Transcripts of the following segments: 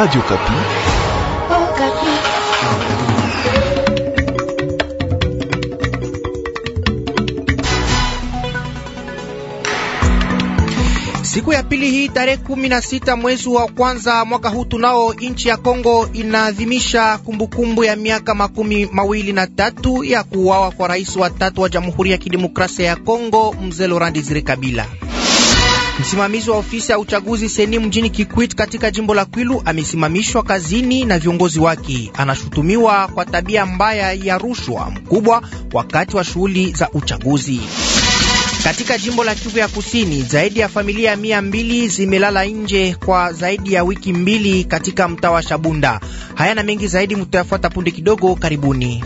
Radio Kapi. Oh, Kapi. Siku ya pili hii tarehe kumi na sita mwezi wa kwanza mwaka huu tunao nchi ya Kongo inaadhimisha kumbukumbu ya miaka makumi mawili na tatu ya kuuawa kwa rais wa tatu wa Jamhuri ya Kidemokrasia ya Kongo Mzee Laurent Desire Kabila. Msimamizi wa ofisi ya uchaguzi seni mjini Kikwit katika jimbo la Kwilu amesimamishwa kazini na viongozi wake. Anashutumiwa kwa tabia mbaya ya rushwa mkubwa wakati wa shughuli za uchaguzi. Katika jimbo la Kivu ya Kusini, zaidi ya familia mia mbili zimelala nje kwa zaidi ya wiki mbili katika mtaa wa Shabunda. Haya na mengi zaidi mutayafuata punde kidogo. Karibuni.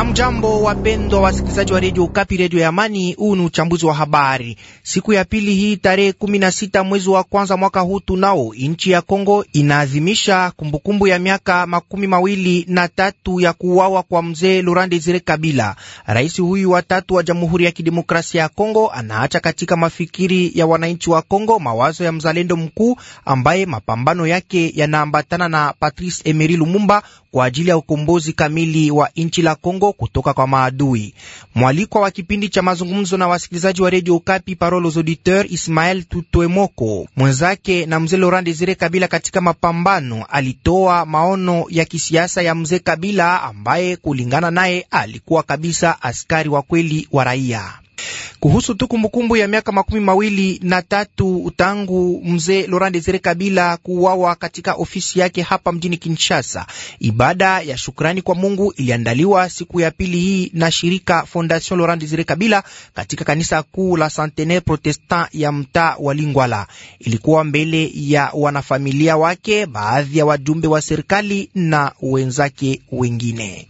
Hamjambo, wapendwa wasikilizaji wa redio Ukapi, redio ya Amani. Huu ni uchambuzi wa habari siku ya pili hii, tarehe 16 mwezi wa kwanza mwaka huu. Tunao nchi ya Kongo inaadhimisha kumbukumbu ya miaka makumi mawili na tatu ya kuuawa kwa mzee Laurent Desire Kabila. Rais huyu wa tatu wa Jamhuri ya Kidemokrasia ya Kongo anaacha katika mafikiri ya wananchi wa Kongo mawazo ya mzalendo mkuu ambaye mapambano yake yanaambatana na Patrice Emery Lumumba kwa ajili ya ukombozi kamili wa nchi la Kongo kutoka kwa maadui. Mwalikwa wa kipindi cha mazungumzo na wasikilizaji wa Radio Okapi Parolos Auditeur Ismael Tutoemoko mwenzake na mzee Laurent Desire Kabila katika mapambano alitoa maono ya kisiasa ya mzee Kabila ambaye kulingana naye alikuwa kabisa askari wa kweli wa raia kuhusu tu kumbukumbu ya miaka makumi mawili na tatu tangu mzee Laurent Desire Kabila kuuawa katika ofisi yake hapa mjini Kinshasa. Ibada ya shukrani kwa Mungu iliandaliwa siku ya pili hii na shirika Fondation Laurent Desire Kabila katika kanisa kuu la Centenaire Protestant ya mtaa wa Lingwala. Ilikuwa mbele ya wanafamilia wake, baadhi ya wajumbe wa serikali na wenzake wengine.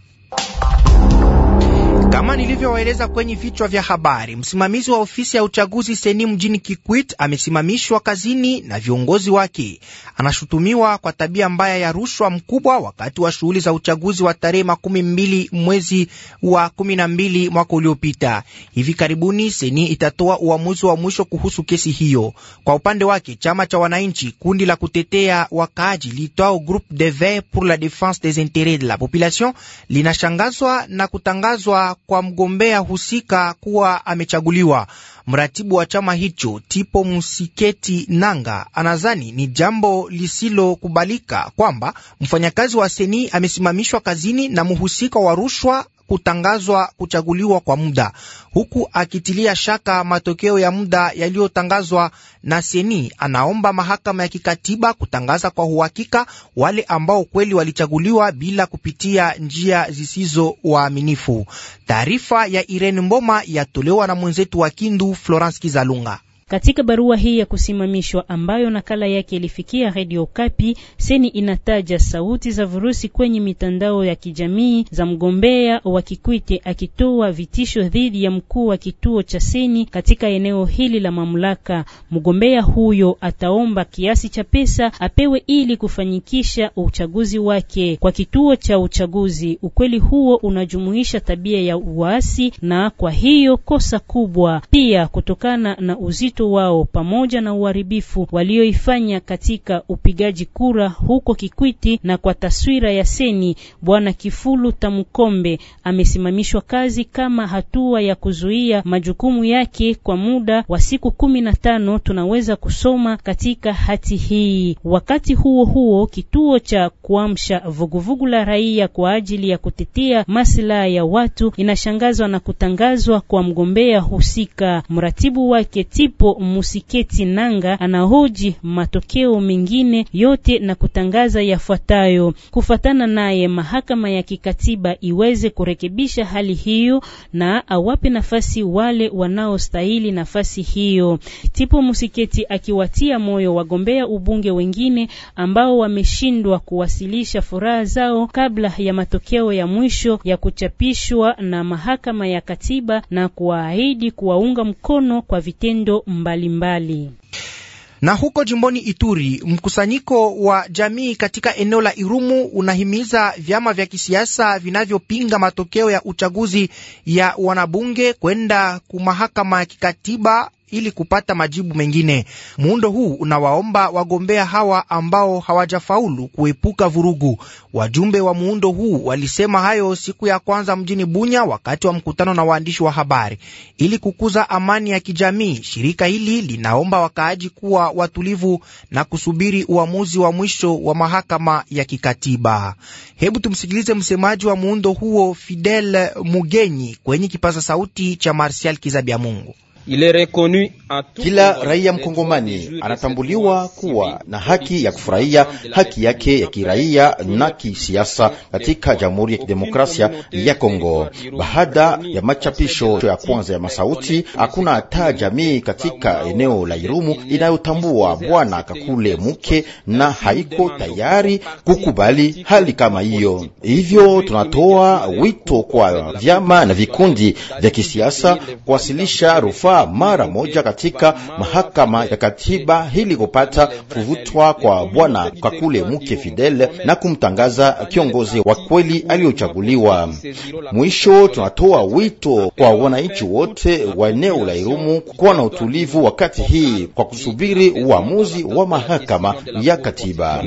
Kama nilivyowaeleza kwenye vichwa vya habari, msimamizi wa ofisi ya uchaguzi seni mjini Kikwit amesimamishwa kazini na viongozi wake. Anashutumiwa kwa tabia mbaya ya rushwa mkubwa wakati wa shughuli za uchaguzi wa tarehe makumi mbili mwezi wa kumi na mbili mwaka uliopita. Hivi karibuni seni itatoa uamuzi wa mwisho kuhusu kesi hiyo. Kwa upande wake, chama cha wananchi, kundi la kutetea wakaaji liitwao Groupe de Verts pour la Defense des Intérêts de la Population, linashangazwa na kutangazwa kwa mgombea husika kuwa amechaguliwa. Mratibu wa chama hicho Tipo Musiketi Nanga anazani ni jambo lisilokubalika kwamba mfanyakazi wa seni amesimamishwa kazini na mhusika wa rushwa kutangazwa kuchaguliwa kwa muda, huku akitilia shaka matokeo ya muda yaliyotangazwa na Seni. Anaomba mahakama ya kikatiba kutangaza kwa uhakika wale ambao kweli walichaguliwa bila kupitia njia zisizo waaminifu. Taarifa ya Irene Mboma yatolewa na mwenzetu wa Kindu Florence Kizalunga. Katika barua hii ya kusimamishwa ambayo nakala yake ilifikia Radio Kapi, Seni inataja sauti za virusi kwenye mitandao ya kijamii za mgombea wa Kikwite akitoa vitisho dhidi ya mkuu wa kituo cha Seni katika eneo hili la mamlaka. Mgombea huyo ataomba kiasi cha pesa apewe ili kufanyikisha uchaguzi wake kwa kituo cha uchaguzi. Ukweli huo unajumuisha tabia ya uasi na kwa hiyo kosa kubwa, pia kutokana na uzito watoto wao pamoja na uharibifu walioifanya katika upigaji kura huko Kikwiti na kwa taswira ya Seni. Bwana Kifulu Tamukombe amesimamishwa kazi kama hatua ya kuzuia majukumu yake kwa muda wa siku kumi na tano, tunaweza kusoma katika hati hii. Wakati huo huo, kituo cha kuamsha vuguvugu la raia kwa ajili ya kutetea maslaha ya watu inashangazwa na kutangazwa kwa mgombea husika. Mratibu wake Tipo Musiketi Nanga anahoji matokeo mengine yote na kutangaza yafuatayo: kufatana naye, mahakama ya kikatiba iweze kurekebisha hali hiyo na awape nafasi wale wanaostahili nafasi hiyo. Tipo Musiketi akiwatia moyo wagombea ubunge wengine ambao wameshindwa kuwasilisha furaha zao kabla ya matokeo ya mwisho ya kuchapishwa na mahakama ya katiba na kuwaahidi kuwaunga mkono kwa vitendo mbalimbali mbali. Na huko jimboni Ituri, mkusanyiko wa jamii katika eneo la Irumu unahimiza vyama vya kisiasa vinavyopinga matokeo ya uchaguzi ya wanabunge kwenda kumahakama ya kikatiba ili kupata majibu mengine. Muundo huu unawaomba wagombea hawa ambao hawajafaulu kuepuka vurugu. Wajumbe wa muundo huu walisema hayo siku ya kwanza mjini Bunya wakati wa mkutano na waandishi wa habari. Ili kukuza amani ya kijamii, shirika hili linaomba wakaaji kuwa watulivu na kusubiri uamuzi wa mwisho wa mahakama ya kikatiba. Hebu tumsikilize msemaji wa muundo huo Fidel Mugenyi kwenye kipaza sauti cha Marsial Kizabiamungu. Kila raia mkongomani anatambuliwa kuwa na haki ya kufurahia haki yake ya kiraia na kisiasa katika Jamhuri ya Kidemokrasia ya Kongo. Baada ya machapisho ya kwanza ya masauti, hakuna hata jamii katika eneo la Irumu inayotambua Bwana Kakule Muke na haiko tayari kukubali hali kama hiyo. Hivyo tunatoa wito kwa vyama na vikundi vya kisiasa kuwasilisha rufaa rufaa mara moja katika mahakama ya katiba ili kupata kuvutwa kwa bwana Kakule Muke Fidel na kumtangaza kiongozi wa kweli aliyochaguliwa. Mwisho, tunatoa wito kwa wananchi wote wa eneo la Irumu kuwa na utulivu wakati hii kwa kusubiri uamuzi wa mahakama ya katiba.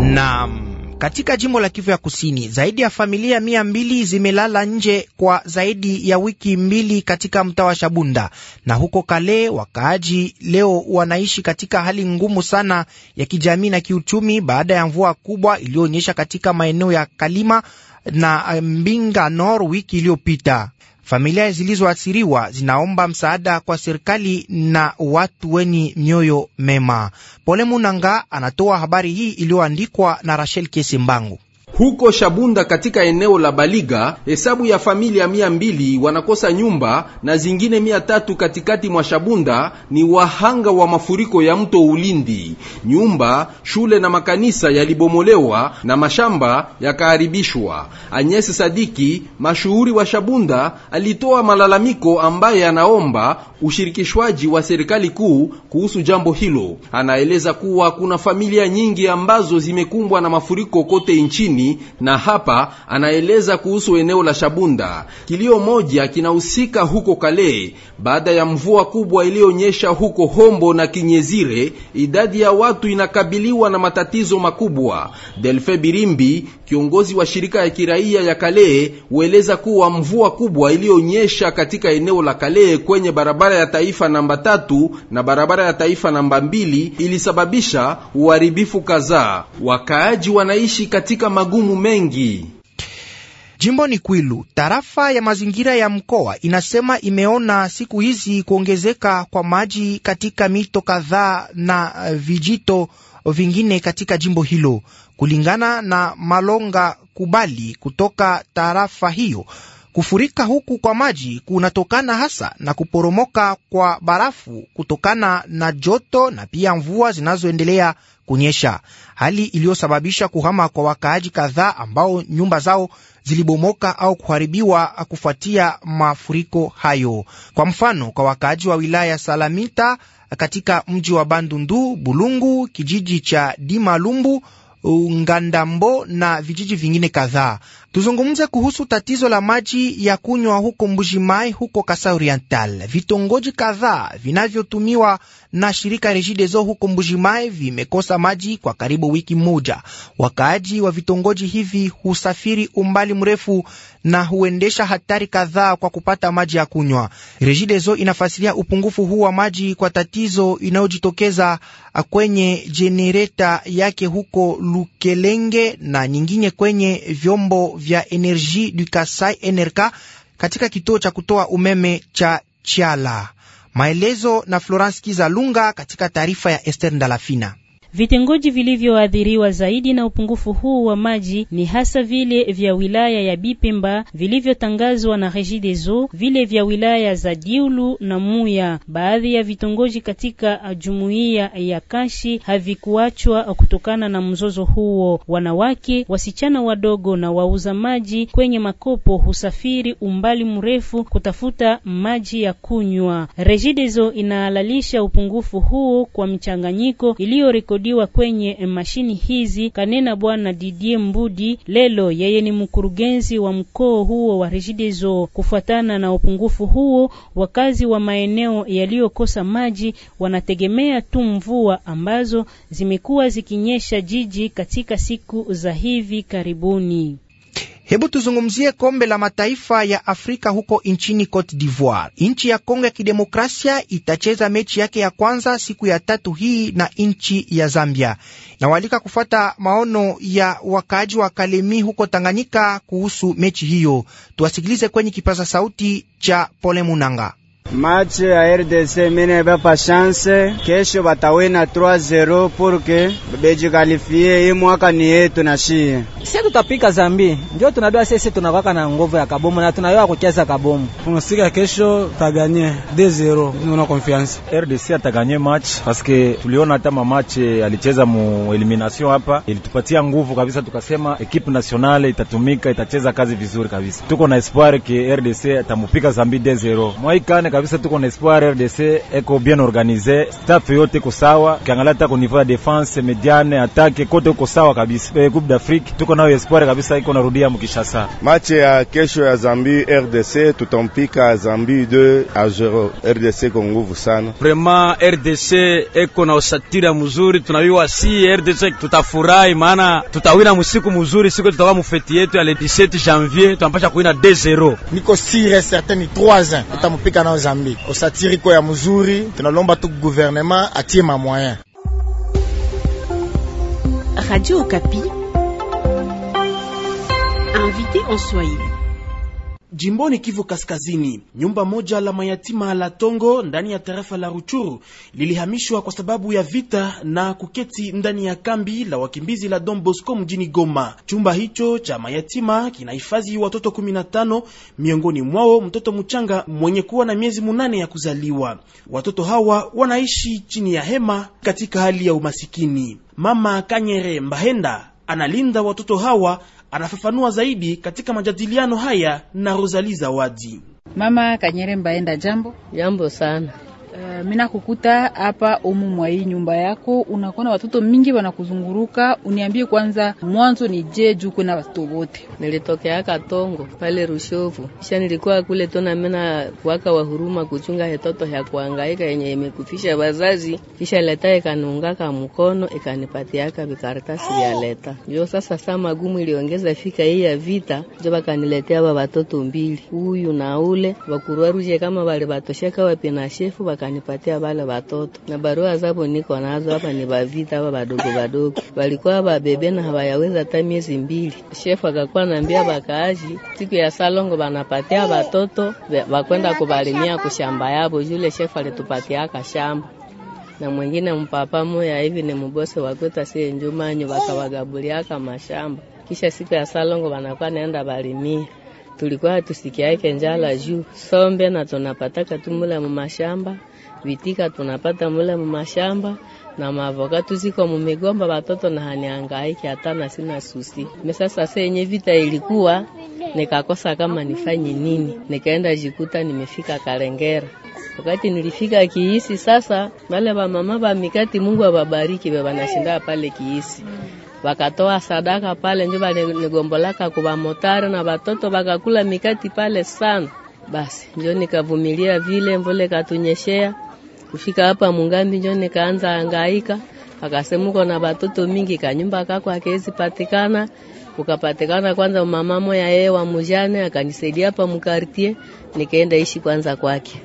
Naam. Katika jimbo la Kivu ya Kusini, zaidi ya familia mia mbili zimelala nje kwa zaidi ya wiki mbili katika mtaa wa Shabunda na huko Kale. Wakaaji leo wanaishi katika hali ngumu sana ya kijamii na kiuchumi baada ya mvua kubwa iliyoonyesha katika maeneo ya Kalima na Mbinga Nor wiki iliyopita. Familia zilizoathiriwa zinaomba msaada kwa serikali na watu wenye mioyo mema. Pole Munanga anatoa habari hii iliyoandikwa na Rachel Kesimbangu. Huko Shabunda katika eneo la Baliga, hesabu ya familia mia mbili wanakosa nyumba na zingine mia tatu katikati mwa Shabunda ni wahanga wa mafuriko ya mto Ulindi. Nyumba, shule na makanisa yalibomolewa na mashamba yakaharibishwa. anyes Sadiki, mashuhuri wa Shabunda, alitoa malalamiko ambaye anaomba ushirikishwaji wa serikali kuu kuhusu jambo hilo. Anaeleza kuwa kuna familia nyingi ambazo zimekumbwa na mafuriko kote nchini na hapa anaeleza kuhusu eneo la Shabunda. Kilio moja kinahusika huko Kale, baada ya mvua kubwa iliyonyesha huko Hombo na Kinyezire, idadi ya watu inakabiliwa na matatizo makubwa. Delfe Birimbi, kiongozi wa shirika ya kiraia ya Kale, hueleza kuwa mvua kubwa iliyonyesha katika eneo la Kale kwenye barabara ya taifa namba tatu na barabara ya taifa namba mbili ilisababisha uharibifu kadhaa. Wakaaji wanaishi katika magumu magumu mengi. ni Kwilu, tarafa ya mazingira ya mkoa inasema imeona siku hizi kuongezeka kwa maji katika mito kadhaa na eh, vijito vingine katika jimbo hilo. Kulingana na Malonga Kubali kutoka tarafa hiyo, kufurika huku kwa maji kunatokana hasa na kuporomoka kwa barafu kutokana na joto na pia mvua zinazoendelea kunyesha, hali iliyosababisha kuhama kwa wakaaji kadhaa ambao nyumba zao zilibomoka au kuharibiwa kufuatia mafuriko hayo. Kwa mfano, kwa wakaaji wa wilaya Salamita katika mji wa Bandundu, Bulungu, kijiji cha Dimalumbu, Ngandambo na vijiji vingine kadhaa. Tuzungumze kuhusu tatizo la maji ya kunywa huko Mbuji Mai, huko Kasai Oriental. Vitongoji kadhaa vinavyotumiwa na shirika Regideso huko Mbuji Mai vimekosa maji kwa karibu wiki moja. Wakaaji wa vitongoji hivi husafiri umbali mrefu na huendesha hatari kadhaa kwa kupata maji ya kunywa. Regideso inafasilia upungufu huu wa maji kwa tatizo inayojitokeza kwenye jenereta yake huko Lukelenge na nyingine kwenye vyombo vya Energi du Kasai Enerka katika kituo cha kutoa umeme cha Chiala. Maelezo na Florence Kizalunga katika taarifa ya Esther Ndalafina. Vitongoji vilivyoathiriwa zaidi na upungufu huu wa maji ni hasa vile vya wilaya ya Bipemba vilivyotangazwa na Regideso, vile vya wilaya za Diulu na Muya. Baadhi ya vitongoji katika jumuiya ya Kashi havikuachwa kutokana na mzozo huo. Wanawake, wasichana wadogo na wauza maji kwenye makopo husafiri umbali mrefu kutafuta maji ya kunywa. Regideso inaalalisha upungufu huo kwa mchanganyiko iliyo kurekodiwa kwenye mashini hizi, kanena bwana Didier Mbudi Lelo, yeye ni mkurugenzi wa mkoo huo wa Regideso. Kufuatana na upungufu huo, wakazi wa maeneo yaliyokosa maji wanategemea tu mvua ambazo zimekuwa zikinyesha jiji katika siku za hivi karibuni. Hebu tuzungumzie kombe la mataifa ya Afrika huko nchini Cote d'Ivoire. Nchi ya Kongo ya Kidemokrasia itacheza mechi yake ya kwanza siku ya tatu hii na nchi ya Zambia. Nawaalika kufuata maono ya wakaaji wa Kalemi huko Tanganyika kuhusu mechi hiyo. Tuwasikilize kwenye kipaza sauti cha Pole Munanga. Match ya RDC mine bapa chance kesho batawina 3-0 porque bejikalifie, hii mwaka ni yetu na shie. Sisi tutapika zambi. Ndio tunadua sisi tunakwaka na nguvu ya kabomu na tunayoa kucheza kabomu. Tunasika kesho taganie 2-0. Tuna confiance. RDC ataganye match parce tuliona hata ma alicheza mu elimination hapa ilitupatia nguvu kabisa, tukasema ekipe nationale itatumika itacheza kazi vizuri kabisa. Tuko na espoir ke RDC atamupika zambi 2-0. Mwaikane kabisa tuko na espoir RDC eko bien organize, staff yote iko sawa, kiangalia hata kwa niveau ya defense mediane attaque kote uko sawa kabisa. E, Coupe d'Afrique tuko nayo espoir kabisa iko narudia mukishasa Mache ya kesho ya Zambi RDC tutampika Zambi 2 a 0. RDC kwa nguvu sana, vraiment RDC eko na usatira mzuri, tunaiwa si RDC tutafurahi, maana tutawina musiku mzuri, siku tutakuwa mufeti yetu ya le 17 janvier tunampasha kuina 2-0, niko sire certaine 3-1 tutampika nao Mozambique. Osatiri iko ya mzuri, tunalomba tu gouvernement atie ma moyen. Radio Okapi, invité en Swahili. Jimboni Kivu Kaskazini, nyumba moja la mayatima la Tongo ndani ya tarafa la Ruchuru lilihamishwa kwa sababu ya vita na kuketi ndani ya kambi la wakimbizi la Don Bosco mjini Goma. Chumba hicho cha mayatima kinahifadhi watoto 15, miongoni mwao mtoto mchanga mwenye kuwa na miezi munane ya kuzaliwa. Watoto hawa wanaishi chini ya hema katika hali ya umasikini. Mama Kanyere Mbahenda analinda watoto hawa anafafanua zaidi katika majadiliano haya na Rosalie Zawadi. Mama Kanyere Mbaenda, jambo jambo sana. Eh, mina kukuta hapa umu mwa hii nyumba yako unakuona watoto mingi wanakuzunguruka, uniambie kwanza mwanzo ni je juu kuna watoto wote? Nilitokea Katongo pale Rushovu, kisha nilikuwa kule tona, mina kuwaka wa huruma kuchunga hetoto ya kuangaika yenye imekufisha wazazi, kisha leta ikanungaka mkono ikanipatiaka vikaratasi vya leta. Ndio sasa saa magumu iliongeza fika hii ya vita, ndio bakaniletea wa watoto mbili, huyu na ule wakuruaruje kama wali wapi na shefu baka wakanipatia wale watoto na barua zabo niko nazo hapa, ni bavita hapa badogo badogo walikuwa babebe na hawayaweza hata miezi mbili. Shefu akakuwa naambia bakaaji siku ya salongo banapatia watoto bakwenda kubalimia kushamba yabo, Yule shefu alitupatia kashamba na mwingine mpapa moya hivi ni mbose mubose wakweta sie njumanyu bakawagabuliaka mashamba, kisha siku ya salongo wanakuwa naenda balimia tulikuwa tusikiake njala juu sombe na tunapataka tumula mumashamba vitika tunapata mule mumashamba na mavoka tuziko mumigomba, watoto na haniangaiki hata na sina susi. Mesa sasa yenye vita ilikuwa nikakosa kama nifanye nini, nikaenda jikuta nimefika Karengera. Wakati nilifika Kiisi, sasa wale ba mama ba mikati, Mungu awabariki, baba nashinda pale Kiisi wakatoa sadaka pale, ndio bale nigombolaka kuba motari na watoto bakakula mikati pale sana. Basi ndio nikavumilia vile, mvule katunyeshea Kufika hapa Mungambi njo nikaanza angaika, akasema uko na batoto mingi, kanyumba kako akezi patikana. Ukapatikana kwanza mama moya yeye wa mujane akanisaidia hapa mkartie, nikaenda ishi kwanza kwake.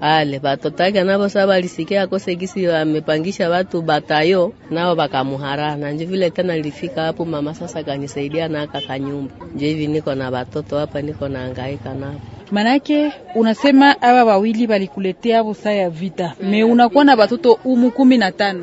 Ale batoto yake nabo saba alisikia akose gisi amepangisha watu batayo nao bakamuharana. Ndio vile tena nilifika hapo mama sasa akanisaidia na aka kanyumba. Ndio hivi niko na batoto hapa niko na angaika nao. Manake unasema hawa wawili walikuletea busa ya vita me, unakuwa na batoto umu kumi na tano.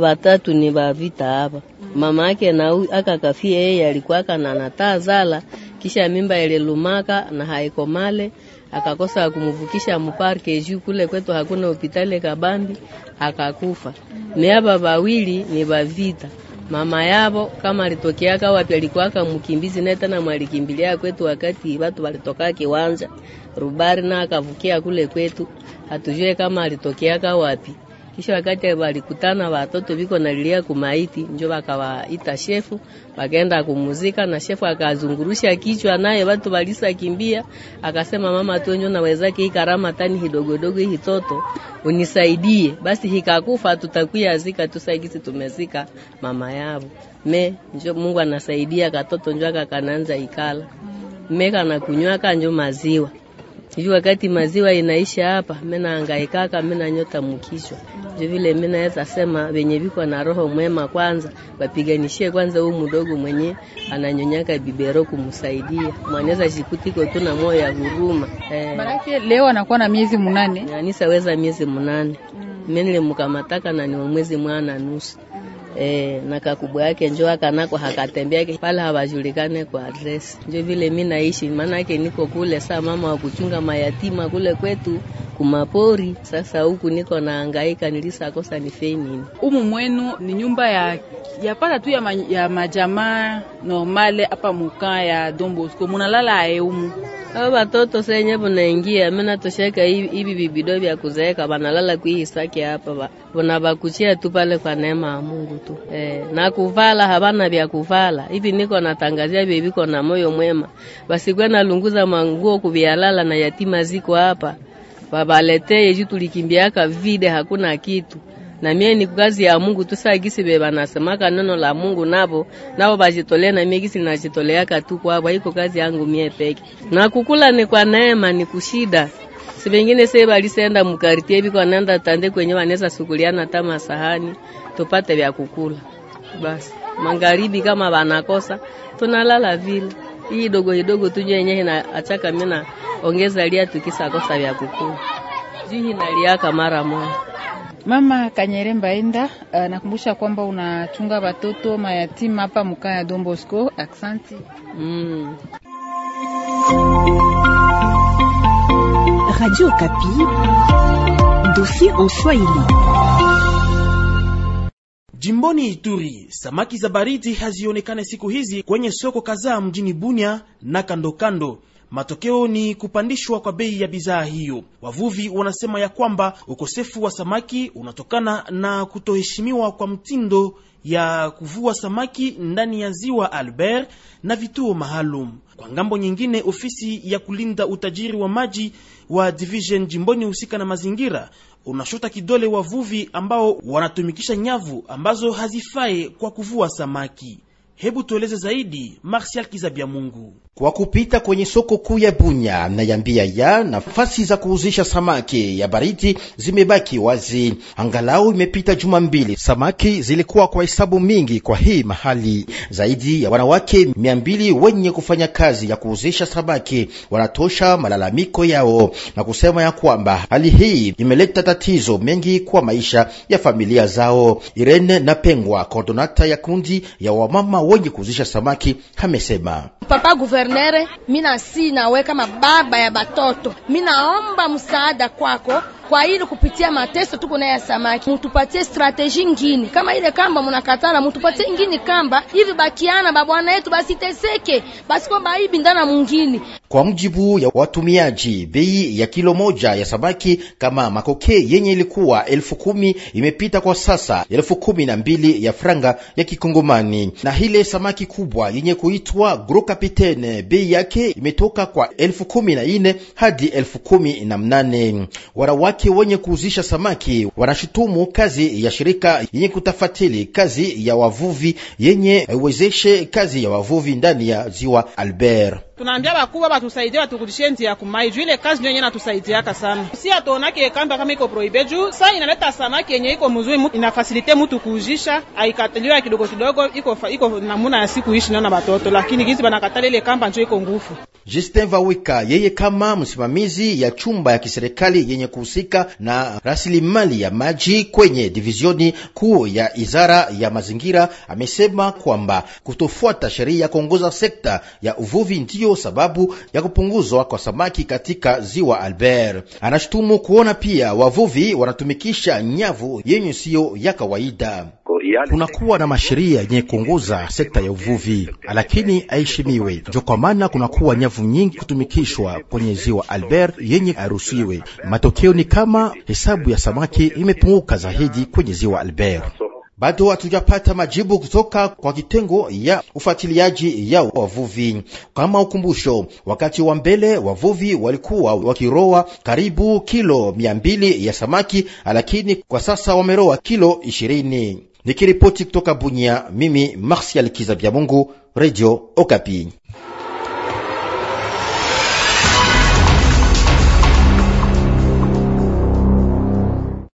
batatu ni ba vita haba mama yake na aka kafia, yeye alikuwa kana na taa zala, kisha mimba ile lumaka na male akakosa kumvukisha muparke juu kule kwetu hakuna hospitali Kabambi, akakufa. Me aba bawili ni vita mama yabo kama alitokeaka wapi, alikuwaka mkimbizi naye tena mwalikimbilia kwetu wakati watu walitoka kiwanja Rubari na akavukia kule kwetu, hatujue kama alitokeaka wapi. Kisha wakati walikutana watoto viko nalilia kumaiti, njo wakawaita shefu, wakaenda kumuzika na shefu akazungurusha kichwa, naye watu walisa kimbia. Akasema mama tu njo nawezake hii karama tani hidogodogo hii toto unisaidie, basi hikakufa tutakuya zika tusaigisi tumezika mama yao. Me njo Mungu anasaidia katoto njo akakananza ikala meka na kunywaka njo maziwa hivi wakati maziwa inaisha hapa, mina angaikaka mina nyota mukishwa Hivi vile mimi naweza sema venye viko na roho mwema, kwanza wapiganishie kwanza huu mdogo mwenye ananyonyaka bibero kumsaidia mwanaweza jikutiko tu na moyo ya huruma eh. Manake leo anakuwa na miezi munane, anisaweza miezi mnane. Mm. mimi nilimkamataka na ni mwezi mwana nusu E, na kakubwa yake njo akanako hakatembeake pale hawajulikane kwa adresi. Njo vile mi naishi, maana yake niko kule saa mama wa kuchunga mayatima kule kwetu kumapori. Sasa huku niko naangaika, nilisakosa nifei nini. Umu mwenu ni nyumba ya yapata tu ya, ma, ya majamaa normale hapa muka ya Dombosko, Bosco, munalala aeumu ao batoto senye bunaingia minatosheka ibi bibido vya kuzeeka banalala kuihisaki hapa, bona bakuchia tu pale kwa neema ya Mungu tu eh, na kuvala habana vya kuvala hivi. Niko natangazia viko na moyo mwema, basikwe nalunguza manguo kuvyalala na yatima ziko hapa babaleteye ju tulikimbiaka vide, hakuna kitu na mie ni kazi ya Mungu tu. Saa gisi beba nasemaka neno la Mungu nabo nabo bajitolea, na mie gisi najitoleaka tu kwa hapo iko kazi yangu mie peke. Na kukula ni kwa neema, ni kushida sivengine se valisenda mukaritie viko ananda tande kwenye wanaweza sukuliana hata masahani tupate vya kukula. Basi magharibi kama wanakosa tunalala vile hii dogo idogo tujue yenye ina achaka mimi na ongeza lia tukisa kosa vya kukula jihi na liaka mara moja. Mama Kanyeremba enda uh, nakumbusha kwamba unachunga watoto mayatima hapa mkaa ya Don Aksanti mm. Radio Kapi, dossier en Swahili. Jimboni Ituri, samaki za baridi hazionekane siku hizi kwenye soko kadhaa mjini Bunia na kandokando kando. Matokeo ni kupandishwa kwa bei ya bidhaa hiyo. Wavuvi wanasema ya kwamba ukosefu wa samaki unatokana na kutoheshimiwa kwa mtindo ya kuvua samaki ndani ya ziwa Albert na vituo maalum. Kwa ngambo nyingine, ofisi ya kulinda utajiri wa maji wa division jimboni husika na mazingira unashota kidole wavuvi ambao wanatumikisha nyavu ambazo hazifai kwa kuvua samaki. Hebu tueleze zaidi, Martial Kizabia Mungu. Kwa kupita kwenye soko kuu ya Bunya na yambia ya nafasi za kuuzisha samaki ya baridi zimebaki wazi, angalau imepita juma mbili. Samaki zilikuwa kwa hesabu mingi kwa hii mahali. Zaidi ya wanawake mia mbili wenye kufanya kazi ya kuuzisha samaki wanatosha malalamiko yao na kusema ya kwamba hali hii imeleta tatizo mengi kwa maisha ya familia zao. Irene Napengwa, koordonata ya kundi ya wamama wenye kuzisha samaki amesema papa guvernere, mina si naweka mababa ya batoto, minaomba msaada kwako kwa ile kupitia mateso tuko naye samaki, mtupatie strategy ngine kama ile kamba mnakatala, mtupatie ngine kamba hivi bakiana babwana yetu basiteseke, basiko baibi ndana mungini. Kwa mjibu ya watumiaji, bei ya kilo moja ya samaki kama makoke yenye ilikuwa elfu kumi imepita kwa sasa elfu kumi na mbili ya franga ya kikongomani, na ile samaki kubwa yenye kuitwa gros capitaine bei yake imetoka kwa elfu kumi na ine hadi elfu kumi na mnane warawati wanawake wenye kuuzisha samaki wanashutumu kazi ya shirika yenye kutafatili kazi ya wavuvi yenye wezeshe kazi ya wavuvi ndani ya ziwa Albert tunaambia bakubwa batusaidie baturudishie nzi ya kumai juu ile kazi ndio yenye natusaidiaka sana. Si atuonake kamba kama iko prohibe juu saa inaleta samaki yenye iko mzuri, inafasilite mutu kuujisha, aikatiliwa kidogo kidogo, iko iko namuna ya siku ishi na batoto, lakini gizi banakatala ile kamba njo iko ngufu. Justin Vawika yeye kama msimamizi ya chumba ya kiserikali yenye kuhusika na rasilimali ya maji kwenye divizioni kuu ya izara ya Mazingira amesema kwamba kutofuata sheria ya kuongoza sekta ya uvuvi ndio ndiyo sababu ya kupunguzwa kwa samaki katika ziwa Albert. Anashutumu kuona pia wavuvi wanatumikisha nyavu yenye siyo ya kawaida. Kunakuwa na masheria yenye kuongoza sekta ya uvuvi, lakini aishimiwe njo kwa maana kunakuwa nyavu nyingi kutumikishwa kwenye ziwa Albert yenye arusiwe Matokeo ni kama hesabu ya samaki imepunguka zaidi kwenye ziwa Albert bado hatujapata majibu kutoka kwa kitengo ya ufuatiliaji ya wavuvi. Kama ukumbusho, wakati wa mbele wavuvi walikuwa wakiroa karibu kilo mia mbili ya samaki, lakini kwa sasa wameroa kilo ishirini. Nikiripoti kutoka Bunia, mimi Marsial Kiza vya Mungu, Radio Okapi.